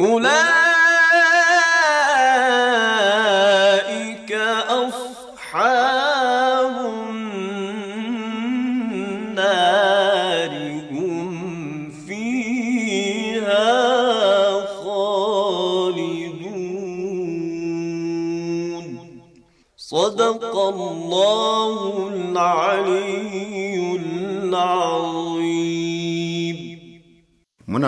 Um le...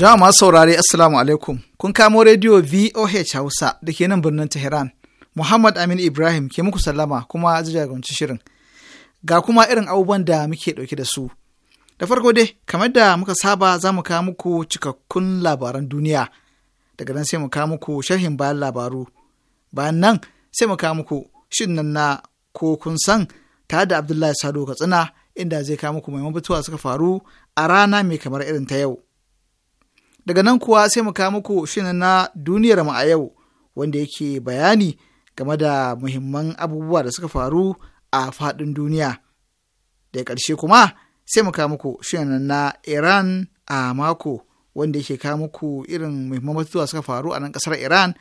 Jama'a masu saurare Assalamu alaikum. Kun kamo rediyo VOH Hausa da ke nan birnin Tehran. Muhammad Aminu Ibrahim ke muku sallama kuma zai shirin. Ga kuma irin abubuwan da muke ɗauke da su. Da farko dai, kamar da muka saba za mu kawo muku cikakkun labaran duniya. Daga nan sai mu kawo muku sharhin bayan labaru. Bayan nan sai mu kawo muku shin nan na ko kun san tare da Abdullahi Sado Katsina inda zai kawo muku maimakon mutuwa suka faru a rana mai kamar irin ta yau. Daga nan kuwa sai mu kawo muku shirin na duniyar mu a yau wanda yake bayani game da muhimman abubuwa da suka faru a fadin duniya. Da ƙarshe kuma sai mu kawo muku shirin na Iran a mako wanda yake kawo muku irin muhimman batutuwa suka faru a nan ƙasar Iran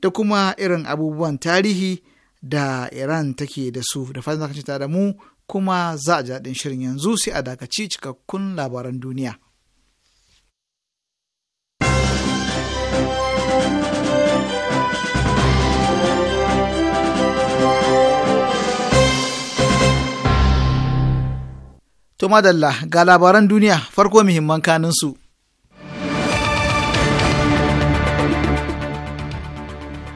da kuma irin abubuwan tarihi da Iran take da su da fatan ta da mu kuma za a ji shirin yanzu sai a dakaci cikakkun labaran duniya. To madalla ga labaran duniya farko muhimman kaninsu.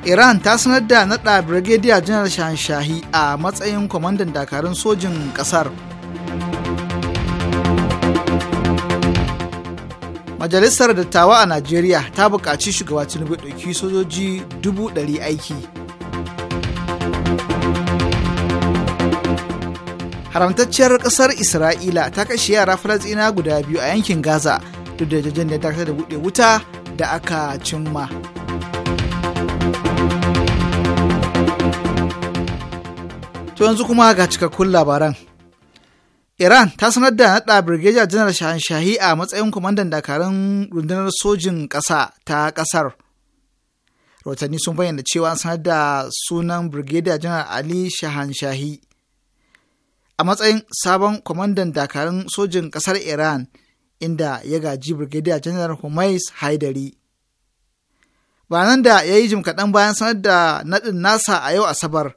Iran ta sanar da naɗa Brigadier General shahi a matsayin kwamandan dakarun sojin ƙasar. Majalisar Dattawa a Najeriya ta buƙaci shugaba Tinubu ɗauki sojoji dubu ɗari aiki. haramtacciyar ƙasar isra'ila ta kashe yara falasina guda biyu a yankin gaza duk da jajen da dakatar da buɗe wuta da aka cimma to yanzu kuma ga cikakkun labaran iran ta sanar da naɗa birgeja janar shahan a matsayin kwamandan dakarun rundunar sojin ƙasa ta ƙasar rahotanni sun bayyana cewa an sanar da sunan birgeja janar ali shahan shahi a matsayin sabon kwamandan dakarun sojin ƙasar Iran inda ya gaji Brigadier General Humais Haidari. Ba nan da ya yi jimkaɗan bayan sanar da naɗin nasa a yau Asabar,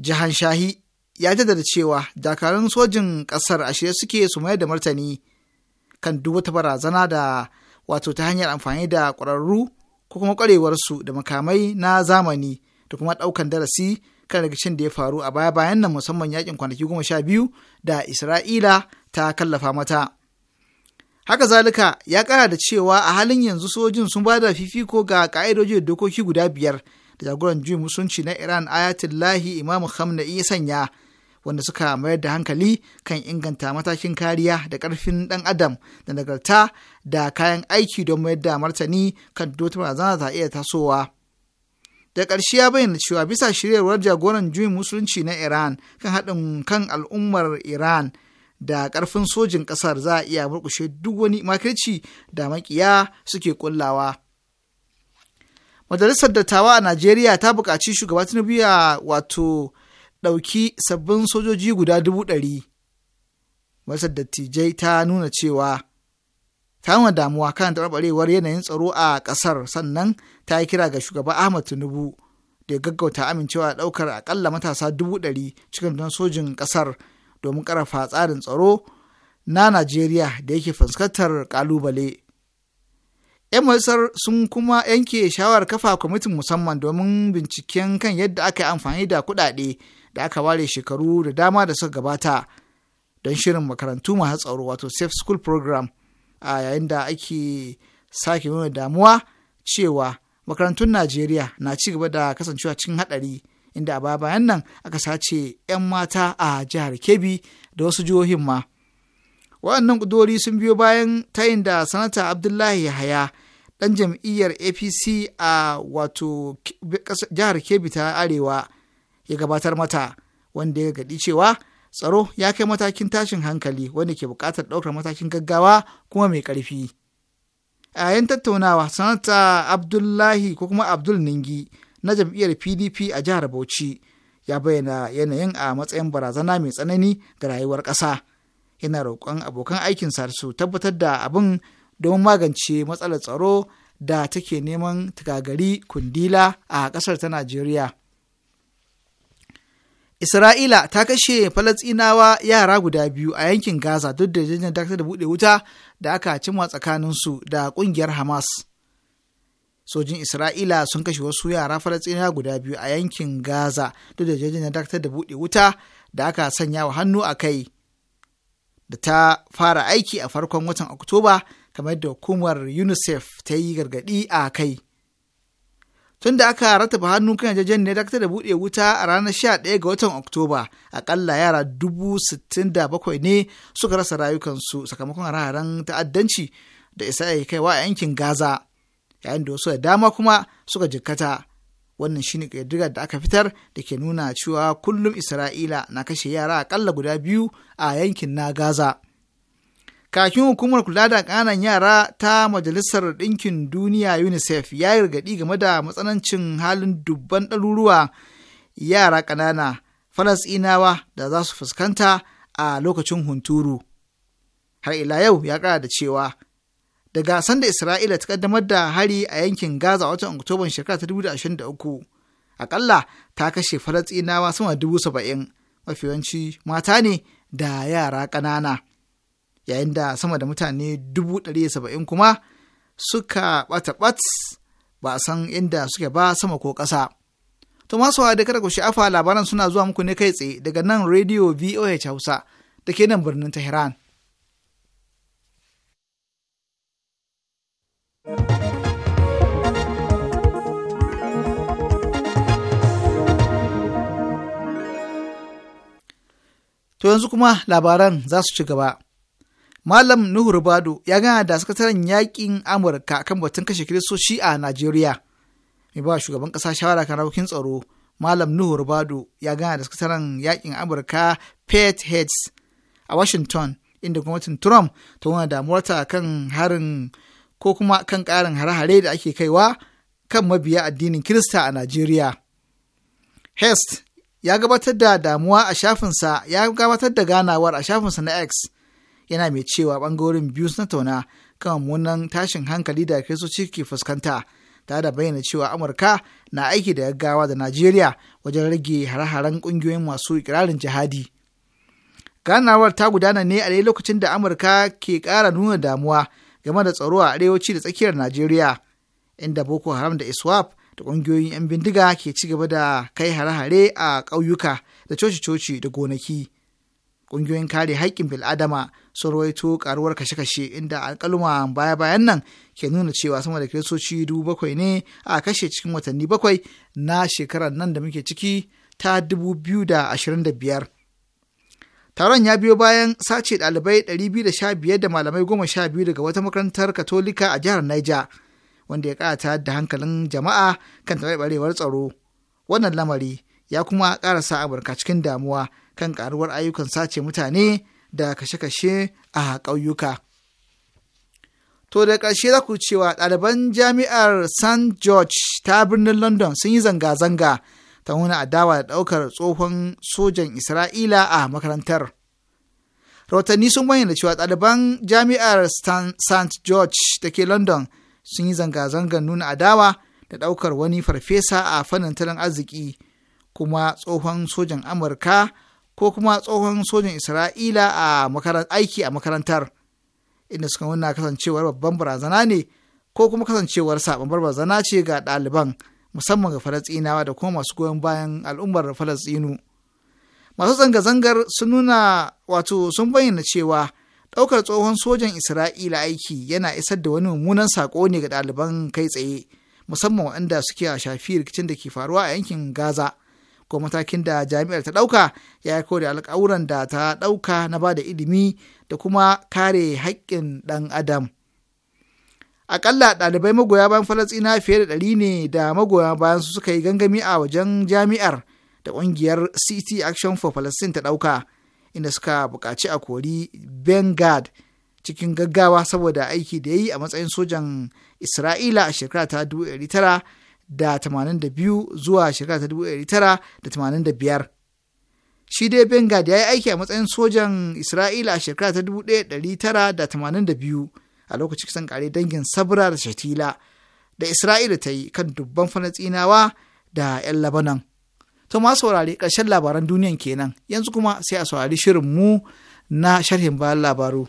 Jihan Shahi ya jaddada cewa dakarun sojin ƙasar a shirye suke su mayar da martani kan duk wata barazana da wato ta hanyar amfani da ƙwararru ko kuma ƙwarewarsu da makamai na zamani da kuma ɗaukan darasi kan rikicin da ya faru a baya bayan nan musamman yakin kwanaki goma sha biyu da Isra'ila ta kallafa mata. Haka zalika ya kara da cewa a halin yanzu sojin sun ba da fifiko ga ka'idoji da dokoki guda biyar da jagoran juyin musulunci na Iran Ayatullahi Imam Khamenei ya sanya wanda suka mayar da hankali kan inganta matakin kariya da karfin dan adam da nagarta da kayan aiki don mayar da martani kan dutse barazana ta iya tasowa. da ƙarshe ya bayyana cewa bisa shiryarwar jagoran juyin musulunci na iran kan haɗin kan al'ummar iran da ƙarfin sojin ƙasar za a iya murƙushe duk wani makirci da makiya suke kullawa. Majalisar Dattawa a Najeriya ta buƙaci shugaba Tinubu ya wato ɗauki sabbin sojoji guda dubu ɗari. Majalisar Dattijai ta nuna cewa kama damuwa kan taɓarɓarewar yanayin tsaro a ƙasar sannan ta yi kira ga shugaba ahmad tinubu da ya gaggauta amincewa a ɗaukar aƙalla matasa dubu ɗari cikin don sojin ƙasar domin ƙarfafa tsarin tsaro na najeriya da yake fuskantar ƙalubale. 'yan majalisar sun kuma yanke shawarar kafa kwamitin musamman domin binciken kan yadda aka yi amfani da kuɗaɗe da aka ware shekaru da dama da suka gabata don shirin makarantu masu tsaro wato safe school program a yayin da ake sake nuna damuwa cewa makarantun Najeriya na ci gaba da kasancewa cikin hadari inda a baya bayan nan aka sace 'yan mata a jihar Kebbi da wasu jihohin ma. Waɗannan ƙudori sun biyo bayan tayin da sanata Abdullahi Yahaya ɗan jam'iyyar APC a wato jihar Kebbi ta Arewa ya gabatar mata wanda ya gaɗi cewa tsaro ya kai matakin tashin hankali wanda ke buƙatar ɗaukar matakin gaggawa kuma mai ƙarfi. A yayin tattaunawa sanata Abdullahi ko kuma Abdul Ningi na jam'iyyar PDP a jihar Bauchi ya bayyana yanayin a matsayin barazana mai tsanani ga rayuwar ƙasa. Yana roƙon abokan aikinsa su tabbatar da abin don magance matsalar tsaro da take neman tagagari kundila a ƙasar ta Najeriya. Isra'ila ta kashe Falasɗinawa yara guda biyu a yankin Gaza duk da jirgin dakatar da buɗe wuta da aka cimma tsakaninsu da ƙungiyar Hamas. Sojin Isra'ila sun kashe wasu yara Falasɗinawa guda biyu a yankin Gaza duk da jirgin dakatar da buɗe wuta da aka sanya wa hannu a kai da ta fara aiki a farkon watan Oktoba kamar da hukumar UNICEF ta yi gargaɗi a kai. tun da aka rataba hannu kan ne dakta da buɗe wuta a ranar 11 ga watan oktoba akalla yara dubu 67 ne suka rasa rayukansu sakamakon raran ta'addanci da ya kaiwa a yankin gaza yayin da wasu da dama kuma suka jikkata wannan shine ƙirƙirar da aka fitar da ke nuna cewa kullum isra'ila na kashe yara akalla guda biyu a yankin na gaza kakin hukumar kula da ƙananan yara ta majalisar ɗinkin duniya unicef ya yi gargaɗi game da matsanancin halin dubban ɗaruruwa yara ƙanana falasɗinawa da za su fuskanta a lokacin hunturu har ila yau ya ƙara da cewa daga sanda isra'ila ta ƙaddamar da hari a yankin gaza a watan oktoban shekara 2023 akalla ta kashe falasɗinawa sama dubu saba'in mafi mata ne da yara ƙanana yayin da sama da mutane dubu ɗari saba'in kuma suka ɓata ɓat ba a san inda suke ba sama ko ƙasa. To masu da kada ku sha'afa labaran suna zuwa muku ne kai tsaye daga nan rediyo VOH Hausa da ke nan birnin Tehran. To yanzu kuma labaran za su ci gaba. Malam Nuhu Rubado ya gana da sakataren yakin Amurka kan batun kashe kiristoci a Najeriya. Mai ba shugaban ƙasa shawara kan harkokin tsaro, Malam Nuhu Rubado ya gana da sakataren yakin Amurka Pete Heads a Washington, inda gwamnatin Trump ta wani damuwarta kan harin ko kuma kan ƙarin hare-hare da ake kaiwa kan mabiya addinin Kirista a Najeriya. Hest ya gabatar da damuwa a shafinsa ya gabatar da ganawar a shafinsa na X yana mai cewa bangarorin biyu na tauna kan mummunan tashin hankali da kiristoci ke fuskanta ta da bayyana cewa amurka na aiki da gaggawa da najeriya wajen rage hare-haren ƙungiyoyin masu ikirarin jihadi ganawar ta gudana ne a lokacin da amurka ke kara nuna damuwa game da tsaro a arewaci da tsakiyar najeriya inda boko haram da iswap da kungiyoyin 'yan bindiga ke ci gaba da kai hare-hare a ƙauyuka da coci-coci da gonaki ƙungiyoyin kare haƙƙin bil'adama sun rawaito karuwar kashe-kashe inda alkaluma baya-bayan nan ke nuna cewa sama da kiristoci dubu bakwai ne a kashe cikin watanni bakwai na shekarar nan da muke ciki ta dubu biyu da ashirin da biyar. Taron ya biyo bayan sace ɗalibai ɗari biyu da sha biyar da malamai goma sha biyu daga wata makarantar Katolika a jihar Niger, wanda ya ƙata da hankalin jama'a kan taɓarɓarewar tsaro. Wannan lamari ya kuma ƙarasa Amurka cikin damuwa kan ƙaruwar ayyukan sace mutane da kashe-kashe a ƙauyuka. To da ƙarshe za ku cewa ɗaliban jami'ar St. George ta birnin London sun yi zanga-zanga ta nuna adawa da ɗaukar tsohon sojan Isra'ila a makarantar. Rahotanni sun bayyana cewa ɗaliban jami'ar St. George da ke London sun yi zanga-zangar nuna adawa da ɗaukar wani farfesa a fannin tattalin arziki kuma tsohon sojan Amurka ko kuma tsohon sojan isra'ila a aiki a makarantar inda suka nuna kasancewar babban barazana ne ko kuma kasancewar sabon barazana ce ga ɗaliban musamman ga falasɗinawa da kuma masu goyon bayan al'ummar falasɗinu masu zanga-zangar sun nuna wato sun bayyana cewa ɗaukar tsohon sojan isra'ila aiki yana isar da wani mummunan sako ne ga ɗaliban kai tsaye musamman waɗanda suke a shafi rikicin da ke faruwa a yankin gaza ko matakin da jami'ar ta ɗauka ya yi da alƙawuran da ta ɗauka na ba da ilimi da kuma kare haƙƙin ɗan adam akalla ɗalibai magoya bayan falastina fiye da ɗari ne da magoya bayan su suka yi gangami a wajen jami'ar da ƙungiyar city action for palestine ta ɗauka inda suka buƙaci a kori bengard cikin gaggawa saboda aiki da ya yi a matsayin sojan isra'ila a shekara ta da tamanin da biyu zuwa shekara ta dubu ɗari tara da tamanin da biyar. Shi dai Bengad ya yi aiki a matsayin sojan Isra'ila a shekara ta dubu ɗaya ɗari tara da tamanin da biyu a lokacin kisan kare dangin Sabra da Shatila da Isra'ila ta yi kan dubban Falatsinawa da 'yan Labanan. To ma saurari ƙarshen labaran duniyan kenan yanzu kuma sai a saurari shirin mu na sharhin bayan labaru.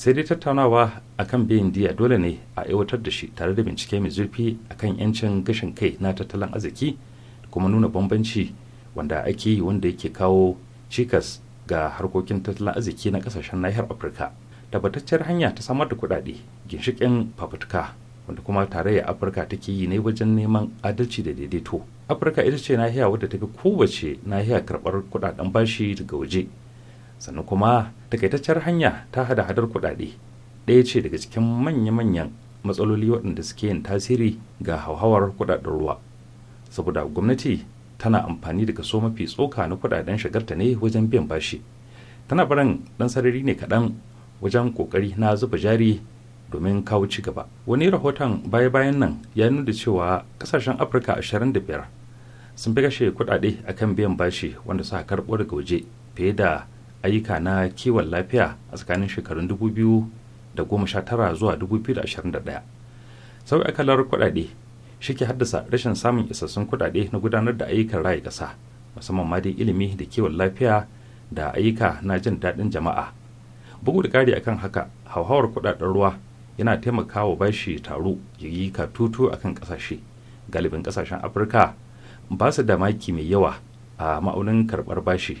sai dai tattaunawa a kan biyan diya dole ne a aiwatar da shi tare da bincike mai zurfi a kan yancin gashin kai na tattalin arziki da kuma nuna bambanci wanda ake yi wanda yake kawo cikas ga harkokin tattalin arziki na kasashen nahiyar afirka tabbatacciyar hanya ta samar da kuɗaɗe ginshiƙin fafutuka wanda kuma tarayyar afirka take yi ne wajen neman adalci da daidaito afirka ita ce nahiya wadda ta fi kowace nahiya karɓar kuɗaɗen bashi daga waje sannan kuma takaitaccen hanya ta hada hadar kudade ɗaya ce daga cikin manya-manyan matsaloli waɗanda suke yin tasiri ga hauhawar kuɗaɗen ruwa saboda gwamnati tana amfani da kaso mafi tsoka na kudaden shagarta ne wajen biyan bashi tana barin ɗan sarari ne kaɗan wajen ƙoƙari na zuba jari domin kawo ci gaba wani rahoton baya-bayan nan ya nuna cewa ƙasashen afirka 25 sun fi kashe kuɗaɗe akan biyan bashi wanda suka karɓo daga waje fiye da ayyuka na kiwon lafiya a tsakanin shekarun 2019 zuwa 2021 a kalar kuɗaɗe shi ke haddasa rashin samun isassun kuɗaɗe na gudanar da ayyukan rayu ƙasa musamman ma dai ilimi da kiwon lafiya da ayyuka na jin daɗin jama'a bugu da ƙari akan haka hauhawar kuɗaɗen ruwa yana taimakawa bashi taro ya yi katutu akan ƙasashe galibin ƙasashen afirka ba su da maki mai yawa a ma'aunin karɓar bashi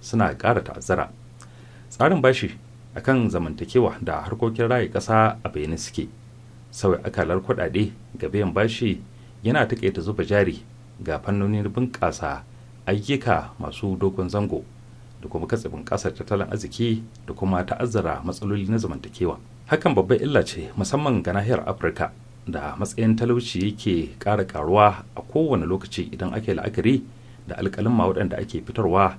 suna ƙara ta'azzara tsarin bashi a kan zamantakewa da harkokin raye ƙasa a bayyane suke sauya akalar kuɗaɗe ga biyan bashi yana taƙaita zuba jari ga fannonin bunƙasa ayyuka masu dogon zango da kuma katsibin ƙasar tattalin arziki da kuma ta'azzara matsaloli na zamantakewa hakan babban illa ce musamman ga nahiyar afirka da matsayin talauci yake ƙara karuwa a kowane lokaci idan ake la'akari da alƙalin waɗanda ake fitarwa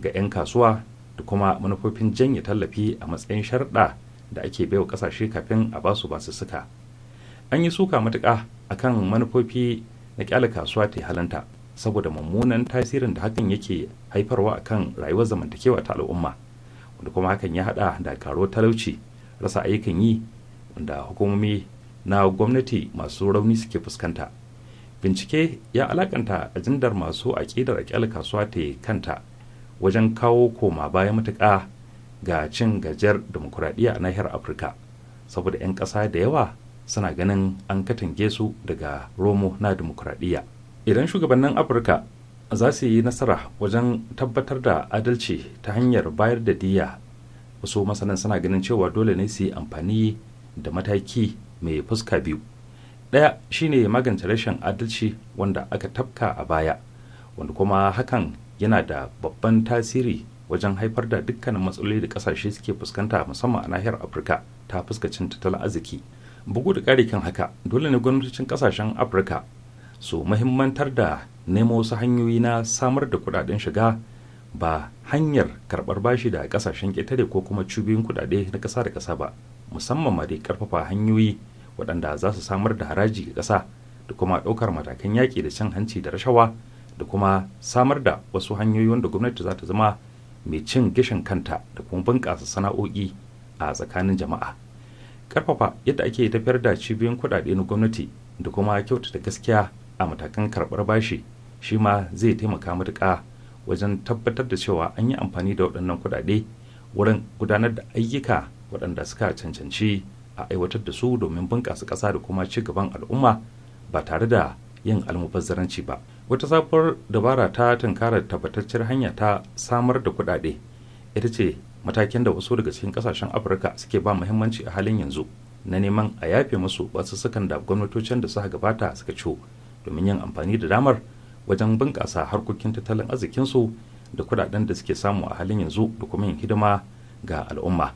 ga 'yan kasuwa da kuma manufofin janye tallafi a matsayin sharɗa da ake baiwa ƙasashe kafin a basu suka an yi suka matuƙa kan manufofi na ƙyale kasuwa ta halanta saboda mummunan tasirin da hakan yake haifarwa akan rayuwar zamantakewa ta al'umma wanda kuma hakan ya haɗa da karo talauci rasa ayyukan yi wanda hukumomi na gwamnati masu rauni suke fuskanta bincike ya alakanta ajindar masu aƙidar ƙyale kasuwa ta kanta wajen kawo koma baya matuƙa ga cin gajiyar demokuraɗiyya a nahiyar afirka saboda 'yan ƙasa da yawa suna ganin an katange su daga romo na demokuraɗiyya idan shugabannin afirka za su yi nasara wajen tabbatar da adalci ta hanyar bayar da diya wasu masanan suna ganin cewa dole ne su yi amfani da mataki mai fuska biyu ɗaya shine magance rashin adalci wanda aka tafka a baya wanda kuma hakan yana da babban tasiri wajen haifar da dukkanin matsaloli da kasashe suke fuskanta musamman a nahiyar afirka ta fuskacin tattalin arziki bugu da ƙari kan haka dole ne gwamnatocin kasashen afirka su mahimmantar da nemo wasu hanyoyi na samar da kudaden shiga ba hanyar karbar bashi da kasashen ƙetare ko kuma cubiyoyin kudade na ƙasa da ƙasa ba musamman ma dai karfafa hanyoyi waɗanda za su samar da haraji ga ƙasa da kuma ɗaukar matakan yaƙi da cin hanci da rashawa da kuma samar da wasu hanyoyi wanda gwamnati za ta zama mai cin gishin kanta da kuma bunƙasa sana'o'i a tsakanin jama'a ƙarfafa yadda ake tafiyar da cibiyoyin kuɗaɗe na gwamnati da kuma kyautata gaskiya a matakan karɓar bashi shi ma zai taimaka matuƙa wajen tabbatar da cewa an yi amfani da waɗannan kuɗaɗe wurin gudanar da ayyuka waɗanda suka cancanci a aiwatar da su domin bunƙasa ƙasa da kuma ci gaban al'umma ba tare da yin almubazzaranci ba. wata safar dabara ta tunkarar tabbataccen hanya ta samar da kuɗaɗe ita ce matakin da wasu daga cikin kasashen afirka suke ba muhimmanci a halin yanzu na neman a yafe musu wasu sukan da gwamnatocin da suka gabata suka ciwo domin yin amfani da damar wajen bunƙasa harkokin tattalin arzikinsu da kudaden da suke samu a halin yanzu da kuma yin hidima ga al'umma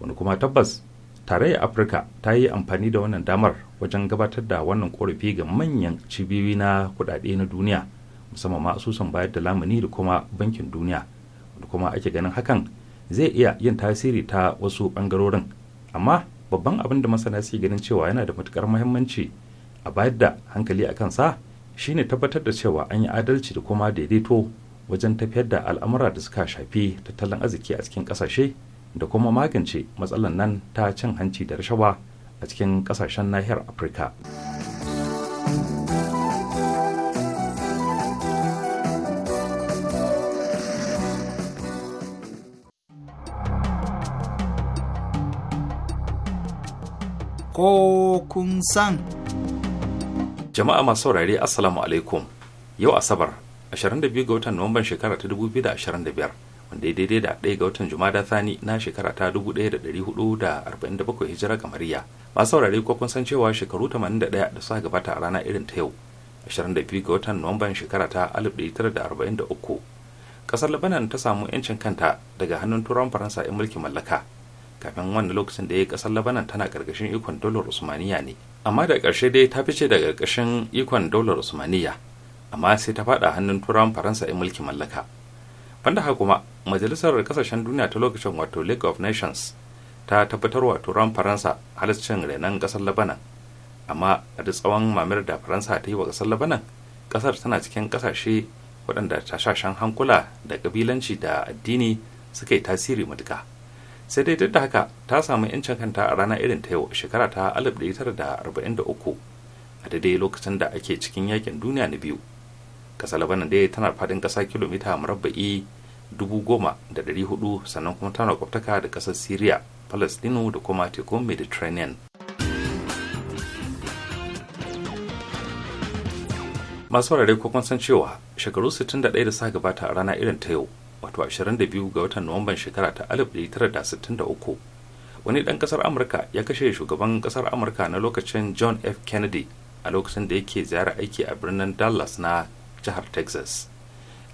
wani kuma tabbas tarayyar afirka ta yi amfani da wannan damar wajen gabatar da wannan korafi ga manyan cibiyoyi na kudade na duniya musamman ma asusun bayar da lamuni da kuma bankin duniya da kuma ake ganin hakan zai iya yin tasiri ta wasu bangarorin amma babban abin da masana su ganin cewa yana da matukar muhimmanci a bayar da hankali a kansa shine tabbatar da cewa an yi adalci da kuma daidaito wajen tafiyar da al'amura da suka shafi tattalin arziki a cikin kasashe da kuma magance matsalan nan ta cin hanci da rashawa a cikin kasashen nahiyar afirka ko kun san jama'a masu saurare assalamu alaikum yau asabar 22 ga watan nuwamban shekara ta 2025 wanda ya daidai da ɗaya ga watan jumada thani na shekara ta 1447 hijira kamariya masu saurari ko kun san cewa shekaru tamanin da suka gabata a rana irin ta yau Ashirin biyu ga watan nuwamban shekara ta 1943 kasar labanan ta samu 'yancin kanta daga hannun turawan faransa ya mulkin mallaka kafin wannan lokacin da ya kasar labanan tana karkashin ikon dolar usmaniya ne amma da ƙarshe dai ta fice daga ƙarƙashin ikon dolar usmaniya amma sai ta faɗa hannun turawan faransa 'yan mulkin mallaka banda haka kuma majalisar kasashen duniya ta lokacin wato league of nations ta tabbatar wa turan faransa halascin renon kasar labanan amma a da tsawon mamir da faransa ta yi wa kasar labanan kasar tana cikin kasashe waɗanda tashashen hankula da kabilanci da addini suka yi tasiri matuka sai dai duk da haka ta samu yancin kanta a rana irin ta yau shekara ta da 1943 a daidai lokacin da ake cikin yakin duniya na biyu kasar labanan dai tana faɗin ƙasa kilomita murabba'i 10,400 sannan kuma tana kwaftaka da kasar syria palestino da kuma tekun mediterranean masu wurare ko kun san cewa shekaru 61 da suka gabata a rana irin ta yau wato 22 ga watan nuwamban shekara ta 1963 wani ɗan ƙasar amurka ya kashe shugaban ƙasar amurka na lokacin john f kennedy a lokacin da yake ziyara aiki a birnin dallas na jihar texas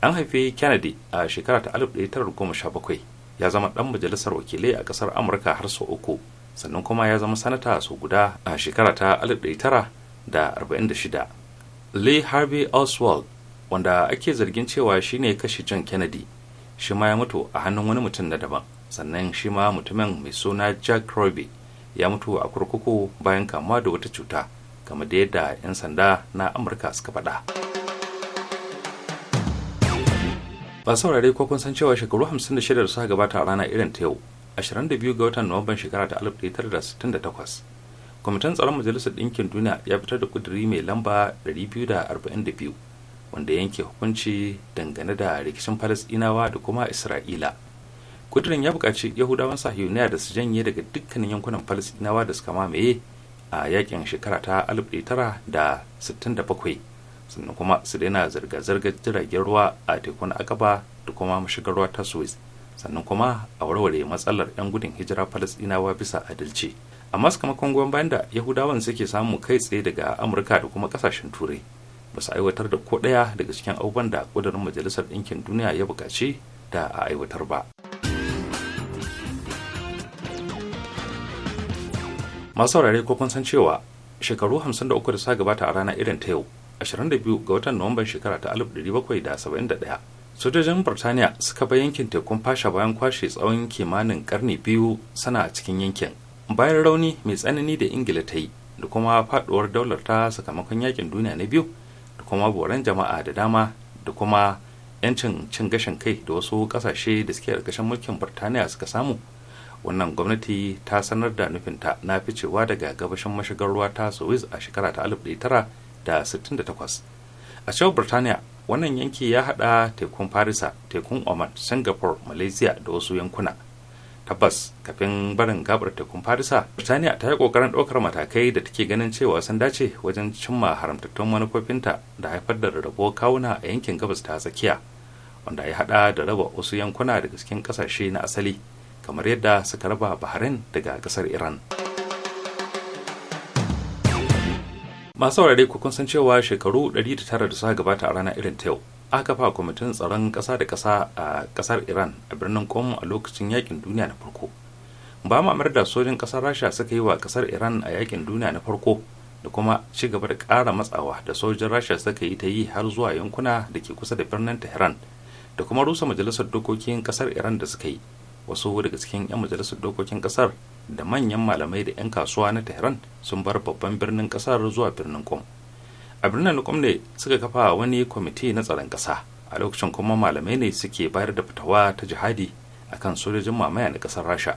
an haifi kennedy a shekara ta 1917 ya zama dan majalisar wakilai a kasar amurka har sau uku sannan kuma ya zama sanata sau guda a shekara ta 1946 lee harvey oswald wanda ake zargin cewa shine kashe john kennedy shi ma ya mutu a hannun wani mutum na daban sannan shi ma mutumin mai suna jack roby ya mutu a kurkuku bayan kamuwa da wata cuta kamar da yadda 'yan sanda na amurka suka faɗa. ba saurare ko kun san cewa shekaru 56 da suka gabata a rana irin ta yau 22 ga watan nuwamban shekara ta 1968 kwamitin tsaron majalisar ɗinkin duniya ya fitar da kuduri mai lamba 242 wanda yanke hukunci dangane da rikicin falasɗinawa da kuma isra'ila kudirin ya buƙaci yahudawan sahiyoniya da su janye daga dukkanin yankunan falasɗinawa da suka mamaye a yakin shekara ta 1967 sannan kuma su daina zirga-zirgar jiragen ruwa a tekun akaba da kuma mashigar ruwa ta suez sannan kuma a warware matsalar 'yan gudun hijira falasɗinawa bisa adalci amma sakamakon goyon bayan da yahudawan suke samu kai tsaye daga amurka da kuma kasashen turai ba su aiwatar da ko ɗaya daga cikin abubuwan da ƙudurin majalisar ɗinkin duniya ya buƙaci da a aiwatar ba masu saurare ko kun san cewa shekaru 53 da suka gabata a rana irin ta yau 22 ga watan nuwamban shekara ta 1771 sojojin birtaniya suka bai yankin tekun fasha bayan kwashe tsawon kimanin karni biyu sana a cikin yankin bayan rauni mai tsanani da ingila ta yi da kuma faduwar daular ta sakamakon yakin duniya na biyu da kuma boran jama'a da dama da kuma 'yancin cin gashin kai da wasu kasashe da suke ƙarƙashin mulkin birtaniya suka samu wannan gwamnati ta sanar da nufinta na ficewa daga gabashin mashigar ruwa ta suez a shekara ta da 68 a cewar birtaniya wannan yanki ya hada tekun farisa tekun oman singapore malaysia da wasu yankuna tabbas kafin barin gabar tekun farisa birtaniya ta yi kokarin ɗaukar matakai da take ganin cewa sun dace wajen cimma haramtattun manufofinta da haifar da rarrabo kawuna a yankin gabas ta tsakiya wanda ya hada da raba wasu yankuna daga cikin kasashe na asali kamar yadda suka raba bahrain daga kasar iran masu saurare ku kun cewa shekaru 109 da suka gabata a ranar irin ta yau aka kafa kwamitin tsaron kasa da kasa a ƙasar iran a birnin kom a lokacin yakin duniya na farko ba mu da sojin kasar rasha suka yi wa ƙasar iran a yakin duniya na farko da kuma ci gaba da ƙara matsawa da sojin rasha suka yi ta yi har zuwa yankuna da ke kusa da birnin tehran da kuma rusa majalisar dokokin kasar iran da suka yi wasu daga cikin 'yan majalisar dokokin ƙasar da manyan malamai da 'yan kasuwa na tehran sun bar babban birnin kasar zuwa birnin kom a birnin kom ne suka kafa wani kwamiti na tsaron kasa a lokacin kuma malamai ne suke bayar da fitawa ta jihadi akan sojojin mamaya na kasar rasha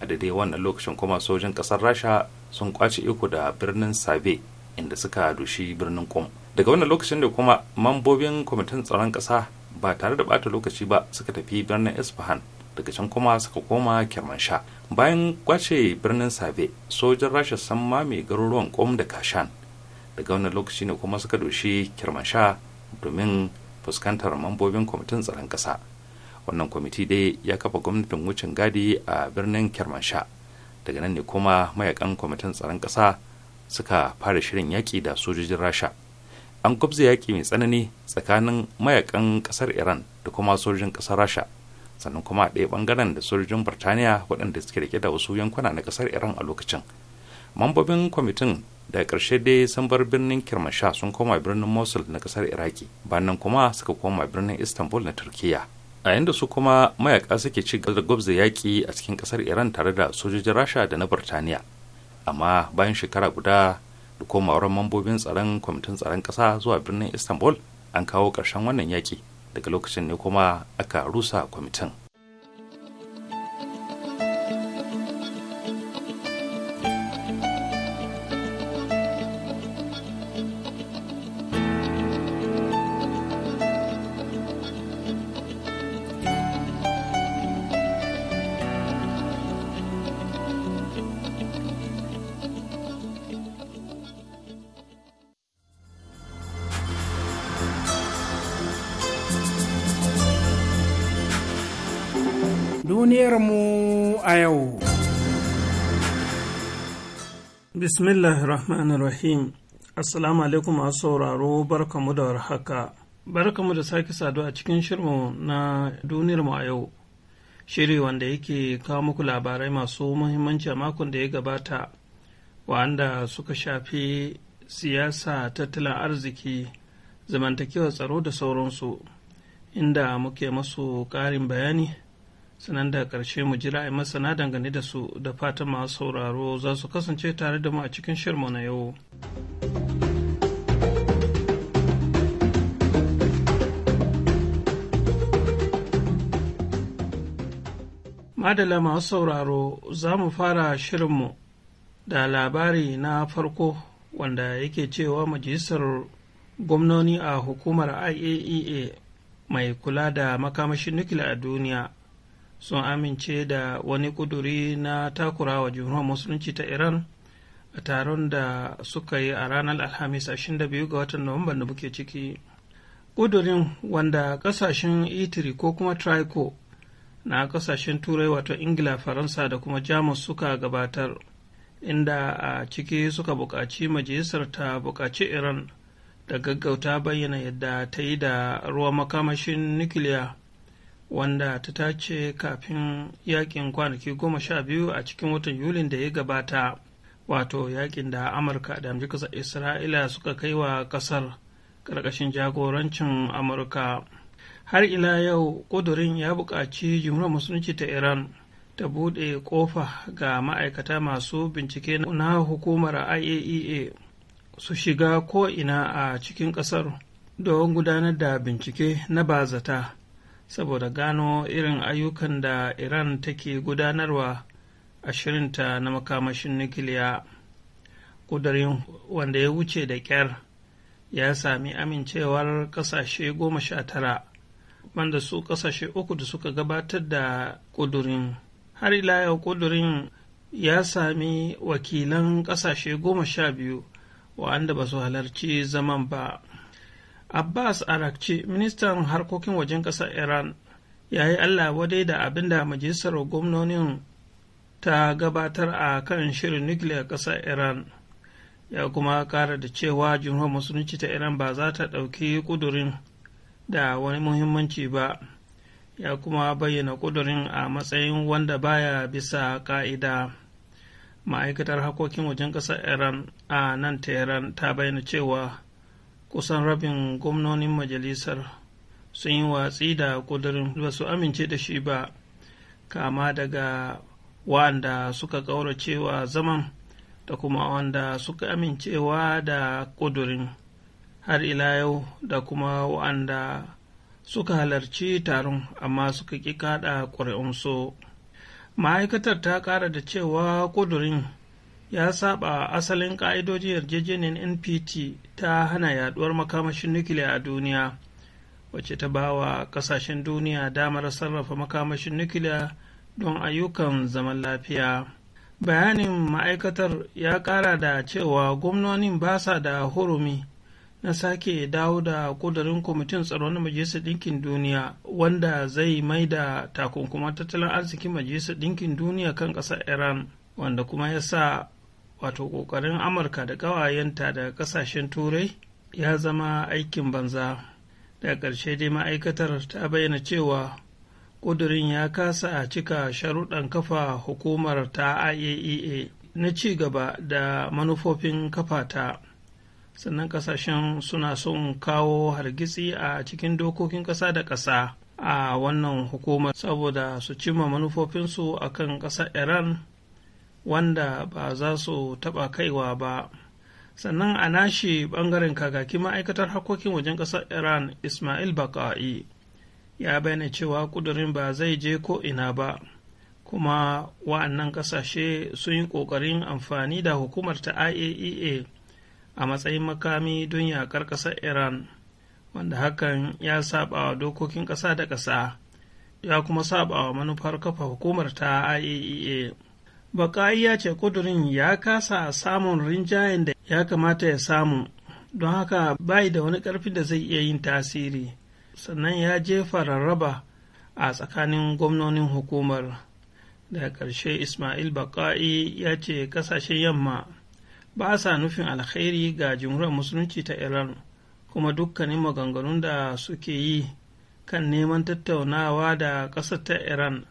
a daidai wannan lokacin kuma sojin kasar rasha sun kwace iko da birnin sabe inda suka dushi birnin kom daga wannan lokacin da kuma mambobin kwamitin tsaron kasa ba tare da bata lokaci ba suka tafi birnin isfahan daga can kuma suka koma kermansha bayan kwace birnin save sojin rasha sun mame garuruwan kom da kashan daga wani lokaci ne kuma suka doshi kermansha domin fuskantar mambobin kwamitin tsaron kasa. wannan kwamiti dai ya kafa gwamnatin wucin gadi a birnin kermansha daga nan ne kuma mayakan kwamitin tsaron kasa suka fara shirin yaƙi da sojojin rasha an gwabza yaƙi mai tsanani tsakanin mayakan ƙasar iran da kuma sojojin ƙasar rasha sannan kuma a ɗaya bangaren da sojojin birtaniya waɗanda suke rike da wasu yankuna na ƙasar iran a lokacin mambobin kwamitin da ƙarshe dai sun bar birnin kirmasha sun koma birnin mosul na ƙasar iraki bayan kuma suka koma birnin istanbul na turkiya a yanda su kuma mayaka suke ci gaba da gwabza yaƙi a cikin ƙasar iran tare da sojojin rasha da na burtaniya amma bayan shekara guda da komawar mambobin tsaron kwamitin tsaron ƙasa zuwa birnin istanbul an kawo ƙarshen wannan yaƙi daga lokacin ne kuma aka rusa kwamitin bismillah rahman rahim assalamu alaikum masu sauraro barkamu da warhaka barkamu da sake sadu a cikin shirmu na duniyar mu a yau shiri wanda yake kawo muku labarai masu muhimmanci a makon da ya gabata wanda suka shafi siyasa tattalin arziki zamantakewar tsaro da sauransu inda muke masu ƙarin bayani sanan da ƙarshe mu jira a masana dangane da su da fatan masu sauraro za su kasance tare da mu a cikin shirmu na yau. Madala masu sauraro za mu fara shirinmu da labari na farko wanda yake cewa majalisar gwamnoni a hukumar IAEA e mai kula da makamashin nukila a duniya sun amince da wani kuduri na takurawa jumhuriyar musulunci ta iran a taron da suka yi a ranar alhamis 22 ga watan nuwamban da muke ciki kudurin wanda kasashen itiri ko kuma trico na kasashen turai wato ingila faransa da kuma jamus suka gabatar inda a ciki suka buƙaci majalisar ta buƙaci iran da gaggauta bayyana yadda ta yi da ruwan makamashin nukiliya wanda ta tace kafin yakin kwanaki goma sha biyu a cikin watan yulin da ya gabata wato yakin da amurka da amji kasar isra'ila suka kai wa kasar ƙarƙashin jagorancin amurka har ila yau ƙudurin ya buƙaci jumhuriyar musulunci ta iran ta buɗe ƙofa ga ma'aikata masu bincike na hukumar iaea e su shiga ko'ina a cikin ƙasar don gudanar da bincike na bazata saboda gano irin ayyukan da iran take gudanarwa a shirinta na makamashin nukiliya ƙudurin wanda ya wuce da ƙyar ya sami amincewar ƙasashe goma sha tara wanda su ƙasashe uku da suka gabatar da ƙudurin har ila yau ƙudurin ya sami wakilan ƙasashe goma sha biyu wa'anda ba su halarci zaman ba abbas arakci ministan harkokin wajen ƙasar iran ya yi allah wadai da abin da majalisar gwamnonin ta gabatar a kan shirin nukiliyar ƙasar iran ya kuma ƙara da cewa jumhuriyar musulunci ta iran ba za ta ɗauki ƙudurin da wani muhimmanci ba ya kuma bayyana ƙudurin a matsayin wanda baya bisa ƙa'ida ma'aikatar harkokin wajen ƙasar iran a nan tehran ta bayyana cewa kusan rabin gwamnonin majalisar sun yi watsi da kudurin ba su amince da shi ba kama daga wanda suka cewa zaman da kuma wanda suka amincewa da kudurin har ila yau da kuma wanda suka halarci taron amma suka ƙi kaɗa ƙuri'unsu ma'aikatar ta ƙara da cewa kudurin ya saba asalin ƙa'idojin yarjejeniyar npt ta hana yaduwar makamashin nukiliya a duniya wacce ta ba wa ƙasashen duniya damar sarrafa makamashin nukiliya don ayyukan zaman lafiya bayanin ma'aikatar ya ƙara da cewa gwamnonin ba sa da hurumi na sake dawo da ƙudurin kwamitin tsaro na majalisar ɗinkin duniya wanda zai mai da takunkuman tattalin arzikin majalisar ɗinkin duniya kan ƙasar iran wanda kuma ya sa wato ƙoƙarin amurka da ƙawayenta daga ƙasashen turai ya zama aikin banza daga ƙarshe dai ma'aikatar ta bayyana cewa ƙudurin ya kasa cika sharuɗan kafa hukumar ta iaea e na ci gaba da manufofin kafa ta sannan ƙasashen suna son kawo hargitsi a cikin dokokin ƙasa da ƙasa a wannan hukumar saboda su cimma manufofinsu a kan ƙasa iran wanda ba za su taɓa kaiwa ba sannan a nashi bangaren kakakin ma'aikatar harkokin wajen ƙasar iran ismail baka'i ya bayyana cewa kudurin ba zai je ko ina ba kuma wa'annan ƙasashe sun yi ƙoƙarin amfani da hukumar ta iaea e a matsayin makami don yaƙar ƙasar iran wanda hakan ya saba wa dokokin ƙasa da ƙasa ya kuma saba wa manufar kafa hukumar ta iaea e Baƙa'i ya ce ƙudurin ya kasa samun rinjayen da ya kamata ya samu, don haka bai da wani ƙarfi da zai iya yin tasiri, sannan ya jefa rarraba a tsakanin gwamnonin hukumar. Da ƙarshe Ismail Baƙa'i ya ce ƙasashen yamma ba sa nufin alkhairi ga jumhuriyar musulunci ta Iran, kuma dukkanin maganganun da suke yi kan neman tattaunawa da ƙasar ta Iran.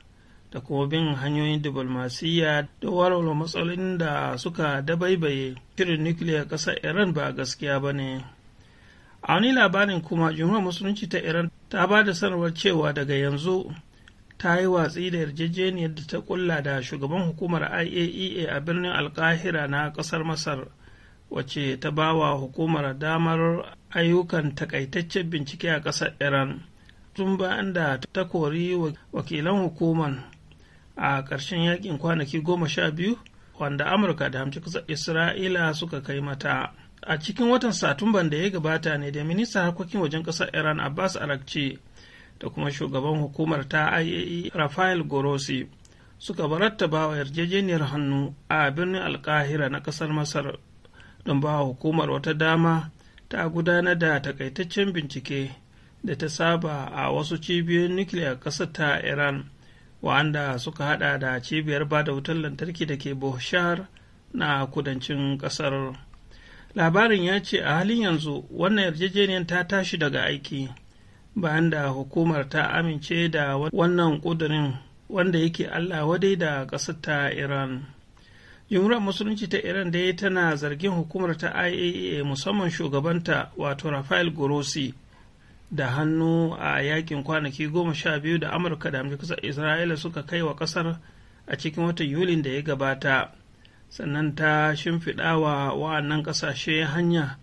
da kuma bin hanyoyin diplomasiyya da walwala matsalolin da suka dabaibaye shirin nukiliya ƙasar iran ba gaskiya ba ne a wani labarin kuma jumhuriyar musulunci ta iran ta ba da sanarwar cewa daga yanzu ta yi watsi da yarjejeniyar da ta kulla da shugaban hukumar iaea e a birnin alkahira na ƙasar masar wace ta ba wa hukumar damar ayyukan takaitaccen bincike a ƙasar iran tun bayan da ta kori wakilan hukumar a ƙarshen yakin kwanaki goma sha biyu wanda amurka da hamci kusa isra'ila suka kai mata a cikin watan satumban da ya gabata ne da ministan harkokin wajen ƙasar iran abbas arakci da kuma shugaban hukumar ta iae rafael gorosi suka ba wa yarjejeniyar hannu a birnin alkahira na ƙasar masar don ba hukumar wata dama ta gudanar da takaitaccen bincike da ta saba a wasu cibiyoyin nukiliya ƙasar ta iran wa'anda suka hada da cibiyar ba da wutar lantarki da ke bohshar na kudancin kasar labarin ya ce a halin yanzu wannan yarjejeniyar ta tashi daga aiki bayan da hukumar ta amince da wannan kudurin wanda yake allah wadai da ƙasar ta iran jumhuriyar musulunci ta iran dai tana zargin hukumar ta iaea musamman shugabanta wato rafael grossi da hannu a yakin kwanaki goma sha biyu da amurka da amurka isra'ila suka kai wa kasar a cikin watan yulin da ya gabata sannan ta shimfiɗa wa wa'annan ƙasashe hanya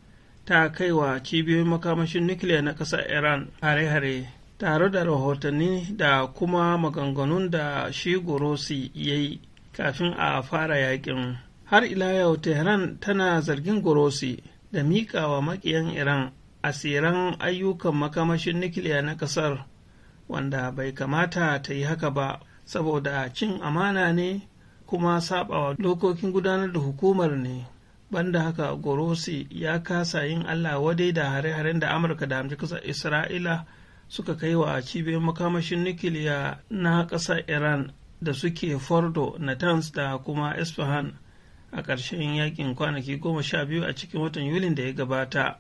ta kai wa cibiyoyin makamashin nukiliya na ƙasar iran hare-hare tare da rahotanni da kuma maganganun da shi gorosi ya yi kafin a fara yakin har ila yau tehran tana zargin gorosi da miƙawa maƙiyan iran asiran ayyukan makamashin nukiliya na ƙasar wanda bai kamata ta yi haka ba saboda cin amana ne kuma sabawa dokokin gudanar da hukumar ne banda haka gorosi ya kasa yin allah wadai da hare-haren da amurka da amurka kasar isra'ila suka kai wa cibiyar makamashin nukiliya na ƙasar iran da suke fordo natanz da kuma isfahan a ƙarshen yakin kwanaki goma sha biyu a cikin watan yulin da ya gabata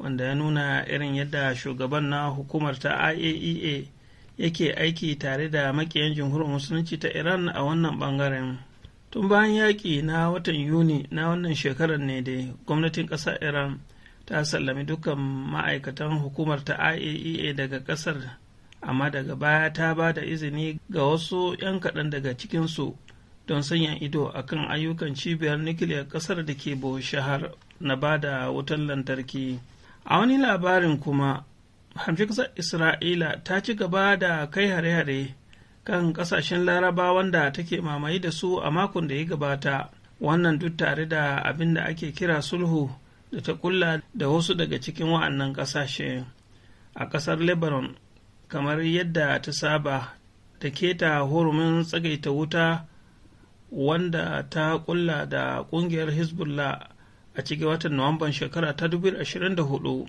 wanda ya nuna irin yadda shugaban na hukumar ta iaea e yake aiki tare da makiyan jamhuriyar musulunci ta iran a wannan bangaren tun bayan yaƙi na watan yuni na wannan shekarar ne dai gwamnatin ƙasar iran ta sallami dukkan ma'aikatan hukumar ta iaea e daga ƙasar amma daga baya ta ba da izini ga wasu 'yan kaɗan daga cikinsu don sanya ido a kan ayyukan cibiyar nukiliyar ƙasar da ke shahar na ba da wutan lantarki a wani labarin kuma hamshe ƙasar isra'ila ta ci gaba da kai hare-hare kan ƙasashen laraba wanda take mamaye da su a makon da ya gabata wannan duk tare da abin da ake kira sulhu da ta kulla da wasu daga cikin wa'annan ƙasashe a ƙasar lebanon kamar yadda ta saba ta keta hurumin tsagaita wuta wanda ta kulla da ƙungiyar hezbollah a cikin watan nuwamban shekara ta 2024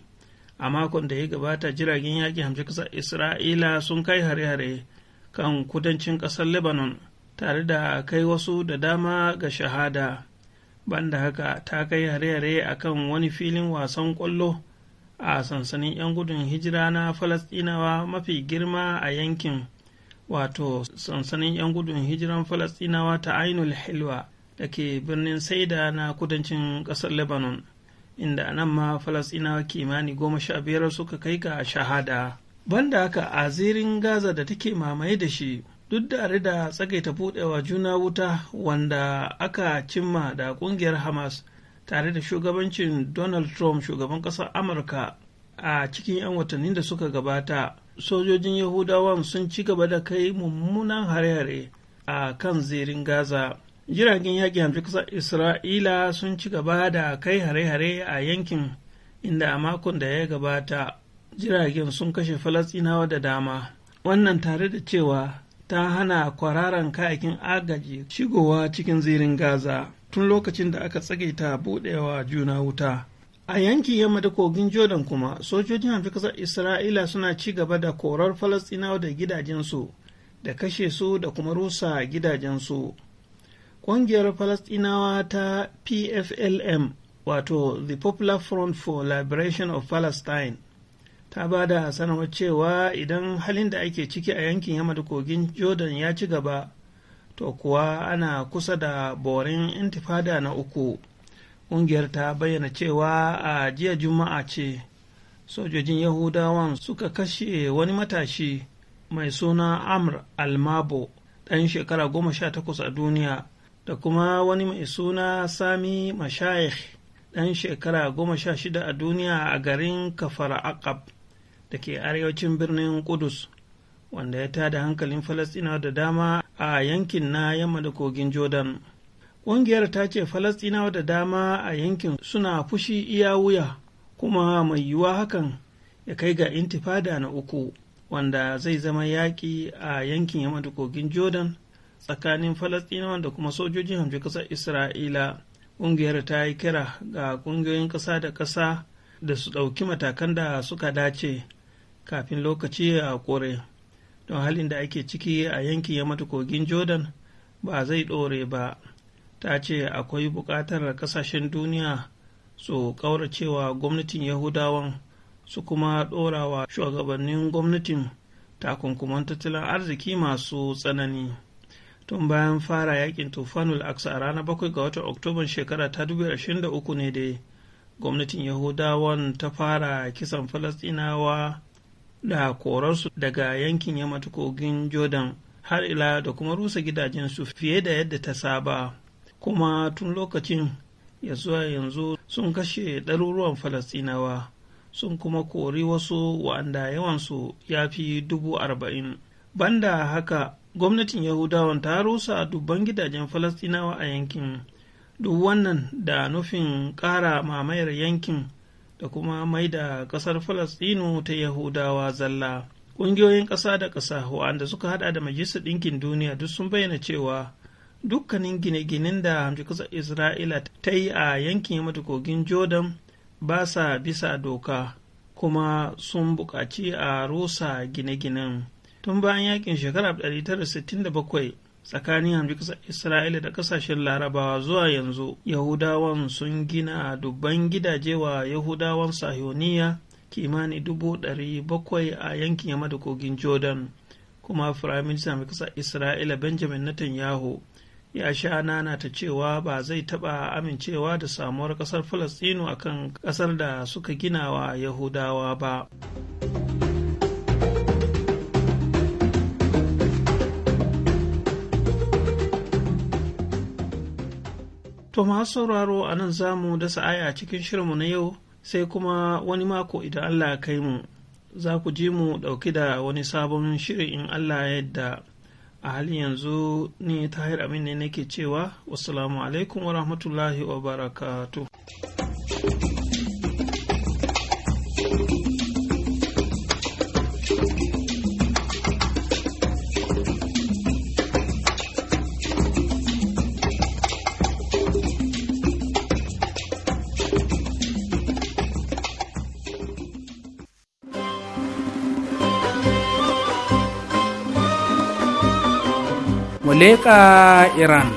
a makon da ya gabata jiragen yaƙin hamsin ƙasar isra'ila sun kai hare-hare kan kudancin ƙasar lebanon tare da kai wasu da dama ga shahada banda haka ta kai hare-hare a kan wani filin wasan ƙwallo a sansanin 'yan gudun hijira na falastinawa mafi girma a yankin wato sansanin 'yan gudun hijiran falastinawa ta ainul hilwa da ke birnin saida na kudancin ƙasar lebanon inda a nan ma falasɗinawa kimani goma sha biyar suka kai ga shahada banda haka a zirin gaza da take mamaye da shi duk da da tsagaita buɗewa juna wuta wanda aka cimma da ƙungiyar hamas tare da shugabancin donald trump shugaban ƙasar amurka a cikin 'yan watanni da suka gabata sojojin yahudawan sun ci gaba da kai mummunan hare-hare a kan zirin gaza jiragen yaƙi hamsin ƙasar isra'ila sun ci gaba da kai hare-hare a yankin inda a makon da ya gabata jiragen sun kashe falastinawa da dama wannan tare da cewa ta hana kwararan kayakin agaji shigowa cikin zirin gaza tun lokacin da aka tsage ta buɗewa juna wuta a yankin yamma da kogin jordan kuma sojojin hamsin ƙasar isra'ila suna ci gaba da korar falastinawa da gidajensu da kashe su da kuma rusa gidajensu ƙungiyar Falasɗinawa ta PFLM wato The Popular Front for Liberation of Palestine ta ba da sanarwar cewa idan halin da ake ciki a yankin yamma da kogin Jordan ya ci gaba to kuwa ana kusa da borin intifada na uku. Ƙungiyar ta bayyana cewa a jiya Juma'a ce sojojin Yahudawan suka kashe wani matashi mai suna Amr Almabo ɗan shekara goma sha takwas a duniya da kuma wani mai suna sami mashayikh ɗan shekara goma sha shida a duniya a garin kafar aqab da ke arewacin birnin kudus wanda ya tada hankalin falastinawa da dama a yankin na yamma da kogin jordan ƙungiyar ta ce falastinawa da dama a yankin suna fushi iya wuya kuma mai yiwuwa hakan ya kai ga intifada na uku wanda zai zama yaƙi a yankin yamma da kogin jordan tsakanin falasɗinawa da kuma sojojin hamshe ƙasar isra'ila ƙungiyar ta yi kira ga ƙungiyoyin ƙasa da ƙasa da su ɗauki matakan da suka dace kafin lokaci a kore don halin da ake ciki a yankin yamata kogin jordan ba zai ɗore ba ta ce akwai buƙatar ƙasashen duniya su ƙauracewa gwamnatin yahudawan su kuma ɗorawa shugabannin gwamnatin takunkuman tattalin arziki masu tsanani. tun bayan fara yakin tufanul aksa a ranar bakwai ga watan oktoban shekara ta da uku ne dai gwamnatin yahudawan ta fara kisan falastinawa da korarsu daga yankin ya kogin jordan har ila da kuma rusa gidajensu fiye da yadda ta saba kuma tun lokacin ya zuwa yanzu sun kashe ɗaruruwan falastinawa sun kuma kori wasu wa'anda yawansu ya fi dubu arba'in banda haka gwamnatin yahudawan ta rusa dubban gidajen falastinawa a yankin duk wannan da nufin ƙara mamayar yankin da kuma mai da ƙasar falastinu ta yahudawa zalla ƙungiyoyin ƙasa da ƙasa wa'anda suka hada da majista ɗinkin duniya duk sun bayyana cewa dukkanin gine-ginen da hamjikasar isra'ila ta yi a yankin yamata kogin jordan ba sa bisa doka kuma sun buƙaci a rusa gine-ginen tun bayan yakin shekarar 1967 tsakanin hamjikasar isra'ila da kasashen larabawa zuwa yanzu yahudawan sun gina dubban gidaje wa yahudawan sahioniya kimani dubu ɗari bakwai a yankin yamma da kogin jordan kuma mai kasa isra'ila benjamin netanyahu ya sha nana ta cewa ba zai taba amincewa da samuwar ƙasar falastinu akan kasar da suka gina wa yahudawa ba. To masu sauraro a nan za mu dasa aya cikin shirinmu na yau sai kuma wani mako idan Allah ya kai mu za ku ji mu ɗauki da wani sabon shirin in Allah yadda a halin yanzu ni tahir amin ne nake cewa wasu alaikum wa rahmatullahi wa barakatuh. leƙa iran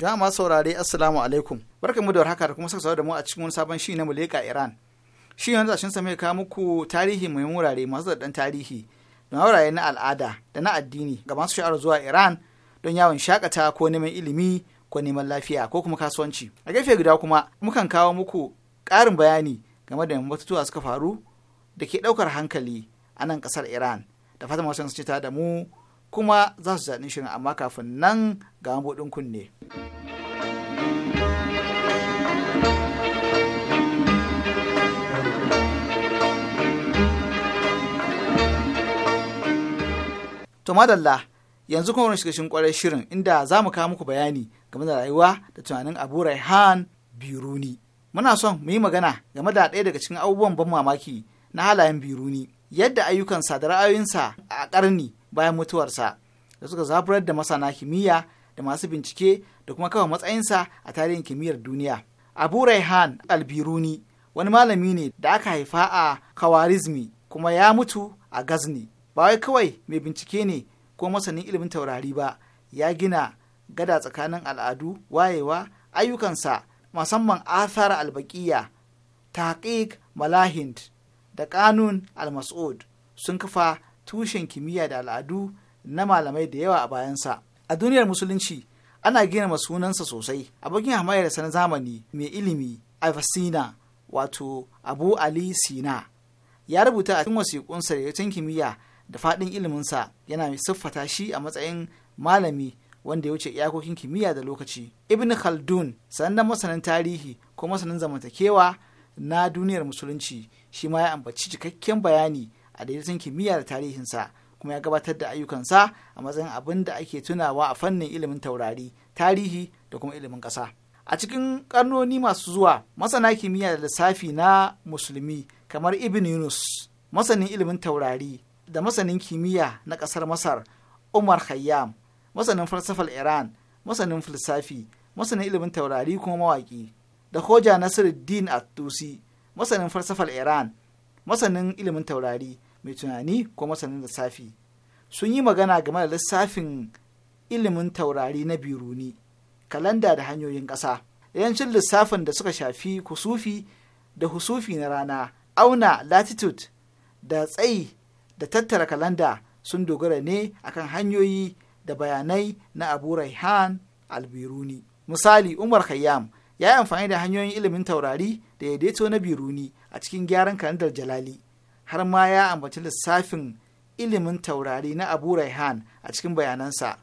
jama'a saurare assalamu alaikum barkamu da warhaka da kuma saka da mu a cikin wani sabon shi na leka iran shi yanzu a shin sa mai muku tarihi mai wurare masu da tarihi da wurare na al'ada da na addini ga masu sha'ar zuwa iran don yawon shakata ko neman ilimi ko neman lafiya ko kuma kasuwanci a gefe guda kuma mukan kawo muku ƙarin bayani game da batutuwa suka faru da ke ɗaukar hankali a nan kasar iran da fatan masu ce ta da mu kuma za su daɗin shirin amma kafin nan ga mabuɗin kunne. To madalla yanzu kuma wani shigashin kwarai shirin inda za mu kawo muku bayani game da rayuwa da tunanin Abu Raihan Biruni. Muna son mu yi magana game da ɗaya daga cikin abubuwan ban mamaki na halayen Biruni, yadda ayyukan da ra'ayoyinsa a ƙarni bayan mutuwarsa da suka zaburar da masana kimiyya da masu bincike da kuma kawai matsayinsa a tarihin kimiyyar duniya. Abu Raihan Albiruni wani malami ne da aka haifa a Kawarizmi kuma ya mutu a Gazni. Ba wai kawai mai bincike ne ko masanin ilimin taurari ba, ya gina gada tsakanin al'adu, wayewa, ayyukansa musamman Athar albaƙiya, Taqiq Malahind da Kanun Almas'ud sun kafa tushen kimiyya da al'adu na malamai da yawa a bayansa a duniyar musulunci ana gina sunansa sosai abokin hamayar na zamani mai ilimi alfasina wato abu ali sina ya rubuta a cikin wasiƙunsa da kimiyya da faɗin iliminsa yana siffata shi a matsayin malami wanda ya wuce iyakokin kimiyya da lokaci ibn khaldun sanannen masanin tarihi ko masanin zamantakewa na duniyar musulunci shi ma ya ambaci cikakken bayani a daidaiton kimiyya da tarihinsa kuma ya gabatar da ayyukansa a matsayin abin da ake tunawa a fannin ilimin taurari tarihi da kuma ilimin ƙasa a cikin karnoni masu zuwa masana kimiyya da lissafi na musulmi kamar ibn yunus masanin ilimin taurari da masanin kimiyya na ƙasar masar umar khayyam masanin falsafar iran masanin filsafi masanin ilimin taurari kuma mawaƙi da hoja nasiruddin at masanin falsafar iran masanin ilimin taurari mai tunani ko masanin lissafi sun yi magana game da lissafin ilimin taurari na biruni kalanda da hanyoyin ƙasa yancin lissafin da suka shafi kusufi da husufi na rana auna latitude da tsayi da tattara kalanda sun dogara ne akan hanyoyi da bayanai na abu raihan albiruni misali umar khayyam ya yi amfani da hanyoyin ilimin taurari da daidaito na biruni a cikin gyaran kalandar jalali har ma ya ambaci lissafin ilimin taurari na abu raihan a cikin bayanansa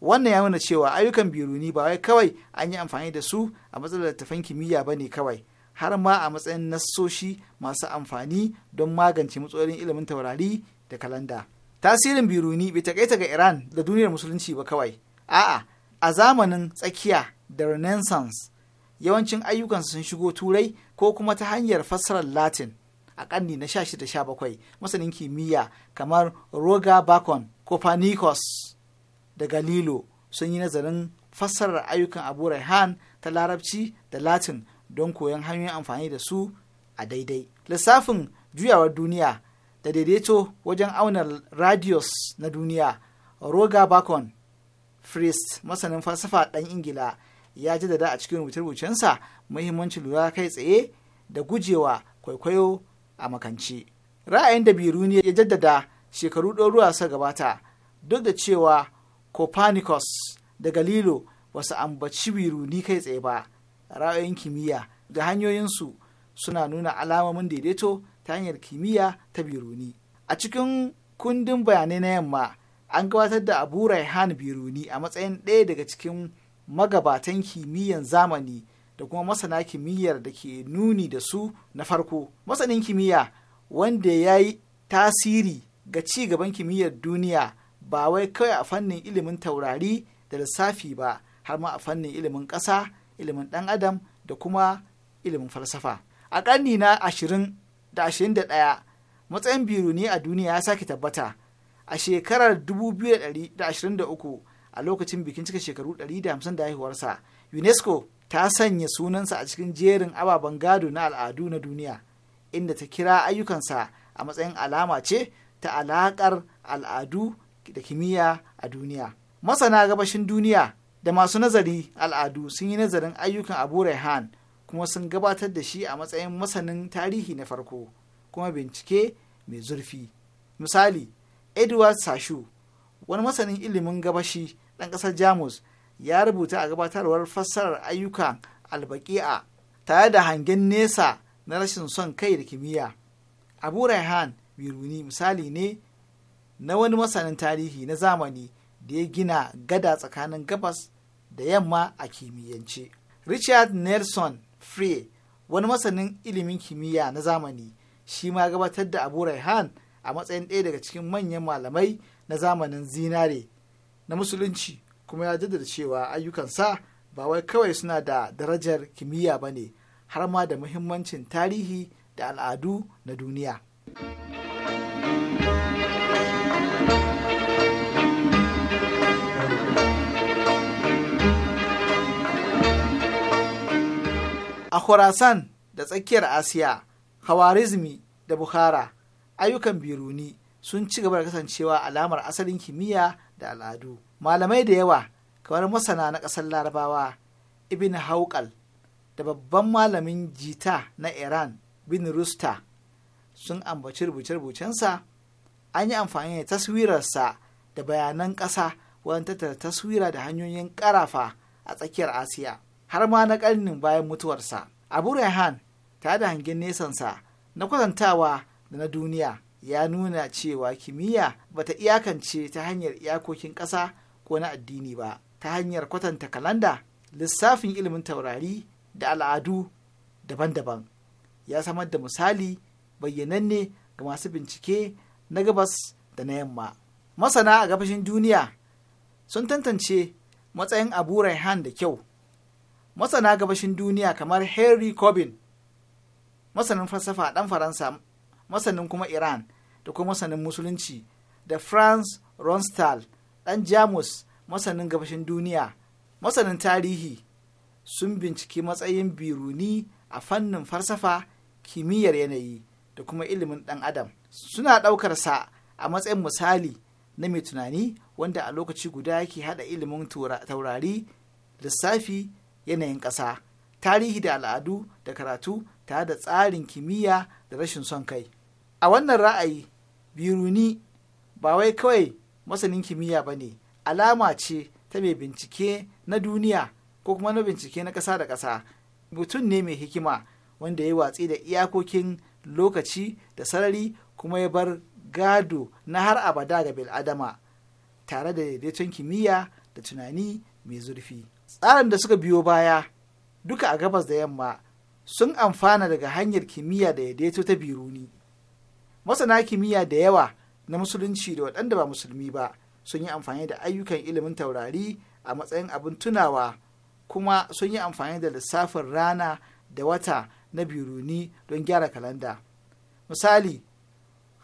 wannan ya nuna cewa ayyukan biruni ba wai kawai an yi amfani da su a matsalar tafan kimiyya ba ne kawai har ma a matsayin nassoshi masu amfani don magance matsalolin ilimin taurari da kalanda tasirin biruni bai takaita ga iran da duniyar musulunci ba kawai a'a a zamanin tsakiya da renaissance yawancin ayyukansu sun shigo turai ko kuma ta hanyar fassarar latin a ƙarni na 16-17 masanin kimiyya kamar roger bacon copernicus da galilo sun yi nazarin fassarar ayyukan abu raihan ta larabci da latin don koyon hanyoyin amfani da su a daidai lissafin juyawar duniya da daidaito wajen auna Radios na duniya roger bacon priest masanin falsafa ɗan ingila ya jaddada a cikin rubuce-rubucensa muhimmancin lura kai tsaye da gujewa kwaikwayo a makance ra'ayin da biruni ya jaddada shekaru ɗaruruwa suka gabata duk da cewa copernicus da galilo ba su ambaci biruni kai tsaye ba ra'ayin kimiyya da hanyoyinsu suna nuna alamomin daidaito ta hanyar kimiyya ta biruni a cikin kundin bayanai na yamma an gabatar da abu raihan biruni a matsayin ɗaya daga cikin magabatan kimiyyan zamani da kuma masana kimiyyar da ke nuni da su na farko masanin kimiyya wanda ya yi tasiri ga ci gaban kimiyyar duniya ba wai kawai a fannin ilimin taurari da lissafi ba har ma a fannin ilimin ƙasa ilimin ɗan adam da kuma ilimin falsafa a ƙarni na ashirin da ashirin da ɗaya matsayin biruni a duniya ya sake tabbata a shekarar dubu biyu da ashirin da uku a lokacin bikin cika shekaru ɗari da hamsin da haihuwarsa unesco ta sanya sunansa a cikin jerin ababen gado na al'adu na duniya inda ta kira ayyukansa a matsayin alama ce ta alaƙar al'adu da kimiyya a duniya masana gabashin duniya da masu nazari al'adu sun yi nazarin ayyukan abu rehan kuma sun gabatar da shi a matsayin masanin tarihi na farko kuma bincike mai zurfi misali edward sashu wani masanin ilimin gabashi ɗan ƙasar jamus ya rubuta a gabatarwar fassarar ayyukan albaki'a tare da hangen nesa na rashin son kai da kimiyya abu raihan biruni misali ne na wani masanin tarihi na zamani da ya gina gada tsakanin gabas da yamma a kimiyyance richard nelson frey wani masanin ilimin kimiyya na zamani shi ma gabatar da abu raihan a matsayin ɗaya daga cikin manyan malamai na zamanin zinare na musulunci kuma ya jaddada cewa ayyukansa ba wai kawai suna da darajar kimiyya ba ne har ma da muhimmancin tarihi da al'adu na duniya. A Khorasan da tsakiyar Asiya, Hawarizmi da Bukhara, ayyukan Biruni sun ci gaba da kasancewa alamar asalin kimiyya da al'adu. malamai da yawa kamar masana na ƙasar larabawa ibn haukal da babban malamin jita na iran bin rusta sun ambaci rubuce-rubucensa an yi amfani da taswirarsa da bayanan ƙasa wajen tattara taswira da hanyoyin ƙarafa a tsakiyar asiya har ma na ƙarnin bayan mutuwarsa abu rehan ta da hangen nesansa na kwatantawa da na duniya ya nuna cewa kimiyya bata iyakance ta hanyar iyakokin ƙasa ko na addini ba ta hanyar kwatanta kalanda lissafin ilimin taurari da al'adu daban-daban ya samar da misali bayyananne ga masu bincike na gabas da na yamma masana a gabashin duniya sun tantance matsayin abu raihan da kyau masana gabashin duniya kamar henry corbin masanin falsafa ɗan faransa masanin kuma iran da kuma masanin musulunci da franz ronstadt ɗan jamus masanin gabashin duniya masanin tarihi sun binciki matsayin biruni a fannin farsafa kimiyyar yanayi da kuma ilimin ɗan adam suna ɗaukar sa a matsayin misali na mai tunani wanda a lokaci guda yake haɗa ilimin taurari lissafi yanayin ƙasa tarihi da al'adu da karatu tare da tsarin kimiyya da rashin son kai a wannan ra'ayi biruni ba wai kawai masanin kimiyya ba ne alama ce ta mai bincike na duniya ko kuma na bincike na ƙasa da ƙasa mutum ne mai hikima wanda ya yi watsi da iyakokin lokaci da sarari kuma ya bar gado na har abada ga bil'adama tare da daidaiton kimiyya da tunani mai zurfi tsarin da suka biyo baya duka a gabas da yamma sun amfana daga hanyar kimiyya da daidaito ta biruni masana kimiyya da yawa na musulunci da waɗanda ba musulmi ba sun yi amfani da ayyukan ilimin taurari a matsayin abin tunawa kuma sun yi amfani da lissafin rana da wata na biruni don gyara kalanda misali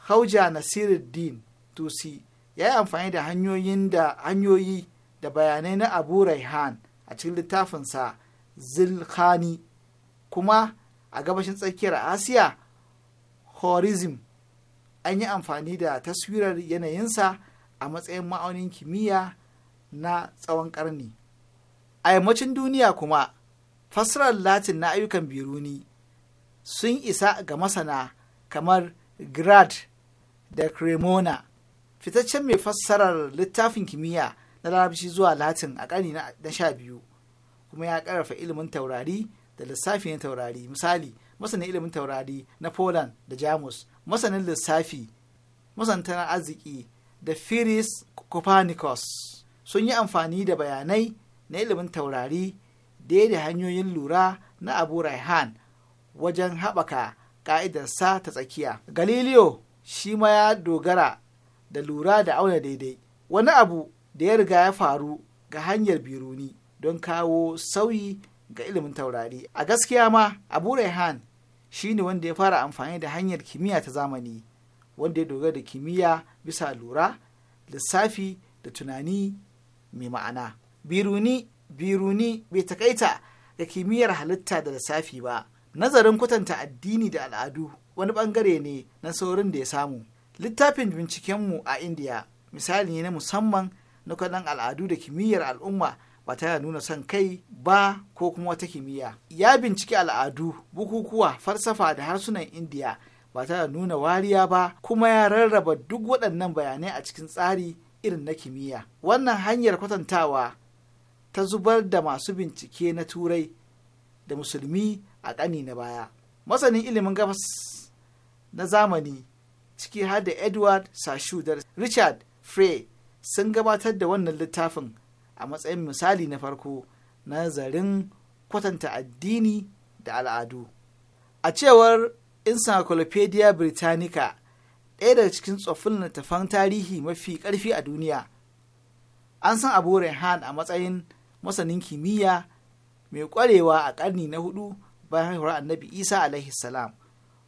hauja nasiruddin tusi ya yi amfani da hanyoyin da hanyoyi da bayanai na abu raihan a cikin littafinsa zilkhani kuma a gabashin tsakiyar asiya horizm an yi amfani da taswirar yanayinsa a matsayin ma'aunin kimiyya na tsawon ƙarni. A yammacin duniya kuma, fassarar Latin na ayyukan biruni sun isa ga masana kamar Grad da Cremona, fitaccen mai fassarar littafin kimiyya na larabci zuwa Latin a ƙarni na sha biyu, kuma ya ƙarfa ilimin taurari da lissafi na taurari. Misali, masanin ilimin taurari na Poland da Jamus masanin lissafi masantanar arziki da firis copernicus sun yi amfani da bayanai na ilimin taurari da hanyoyin lura na abu raihan wajen haɓaka ƙa'idarsa ta tsakiya galileo shi ma ya dogara da lura da auna daidai wani abu da ya riga ya faru ga hanyar biruni don kawo sauyi ga ilimin taurari a gaskiya ma abu raihan shine wanda ya fara amfani da hanyar kimiyya ta zamani wanda ya dogara da kimiyya bisa lura lissafi da tunani mai ma'ana biruni biruni bai takaita ga kimiyyar halitta da lissafi ba nazarin kwatanta addini da al'adu wani bangare ne na saurin da ya samu littafin bincikenmu a indiya misali ne na musamman na kwadon al'adu da kimiyyar al'umma ba ta da nuna son kai ba ko kuma wata kimiyya ya binciki al'adu bukukuwa farsafa, da harsunan indiya ba ta da nuna wariya ba kuma ya rarraba duk waɗannan bayanai a cikin tsari irin na kimiyya wannan hanyar kwatantawa ta zubar da masu bincike na turai da musulmi a ƙani na baya masanin ilimin gabas na zamani ciki har da edward sashudar richard frey sun gabatar da wannan littafin a matsayin misali na farko na nazarin kwatanta addini da al'adu a cewar encyclopedia britannica ɗaya daga cikin tsoffin littattafan tarihi mafi ƙarfi a duniya an san abu Han a matsayin masanin kimiyya mai ƙwarewa a ƙarni na hudu bayan haihuwar annabi isa alaihi salam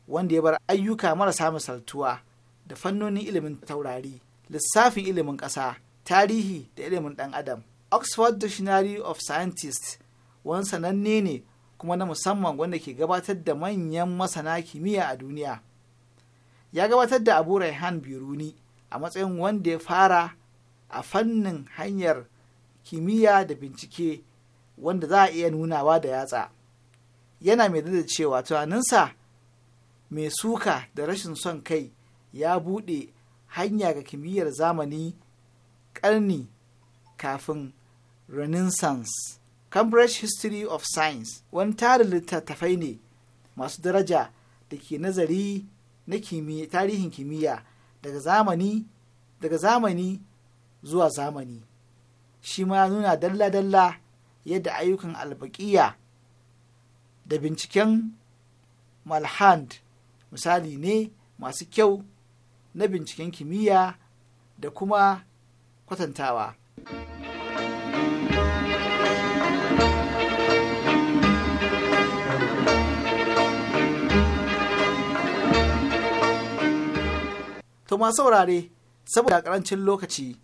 wanda ya bar ayyuka marasa misaltuwa da fannonin ilimin taurari lissafin ilimin ƙasa tarihi da ilimin ɗan adam oxford dictionary of scientists wani sananne ne kuma na musamman wanda ke gabatar da manyan masana kimiyya a duniya ya gabatar da abu raihan biruni a matsayin wanda ya fara a fannin hanyar kimiyya da bincike wanda za a iya nunawa da yatsa yana mai da cewa tunaninsa mai suka da rashin son kai ya buɗe hanya ga kimiyyar zamani ƙarni kafin renaissance cambridge history of science wani tarin littattafai ne masu daraja da ke nazari na tarihin kimiyya daga zamani daga zamani zuwa zamani shi ma nuna dalla-dalla yadda ayyukan albaƙiya da binciken malhand misali ne masu kyau na binciken kimiyya da kuma kwatantawa. To ma saurare, saboda karancin lokaci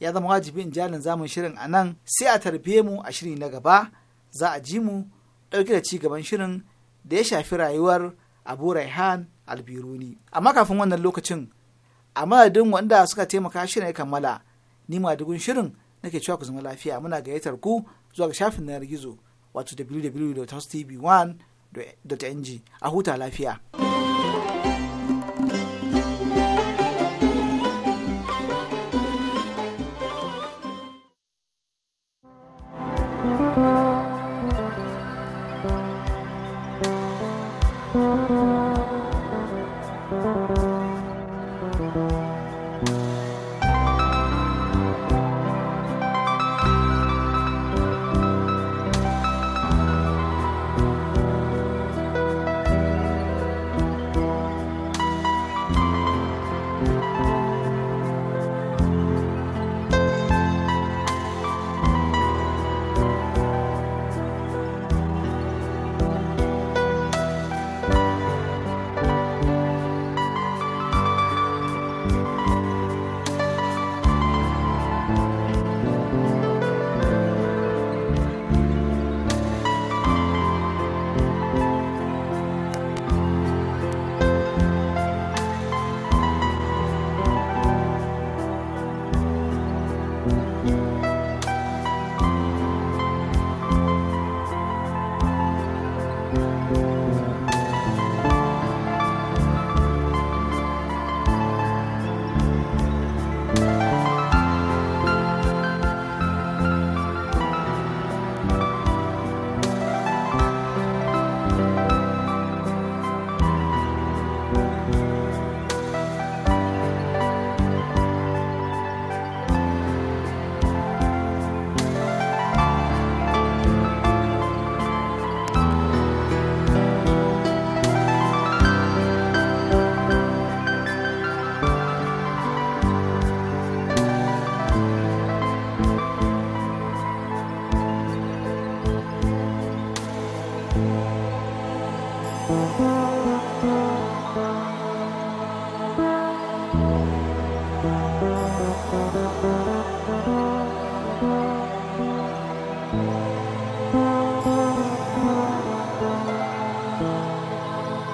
ya zama wajibi in jalin zamun shirin a nan sai a tarbiye mu a shiri na gaba za a ji mu ɗauke da ci gaban shirin da ya shafi rayuwar Abu Raihan Albiruni. Amma kafin wannan lokacin, a madadin wanda suka taimaka shirin ya kammala, ni madugun shirin nake cewa ku zama lafiya muna gayyatar ku zuwa ga shafin yanar gizo wato wwwtv 1ng a huta lafiya.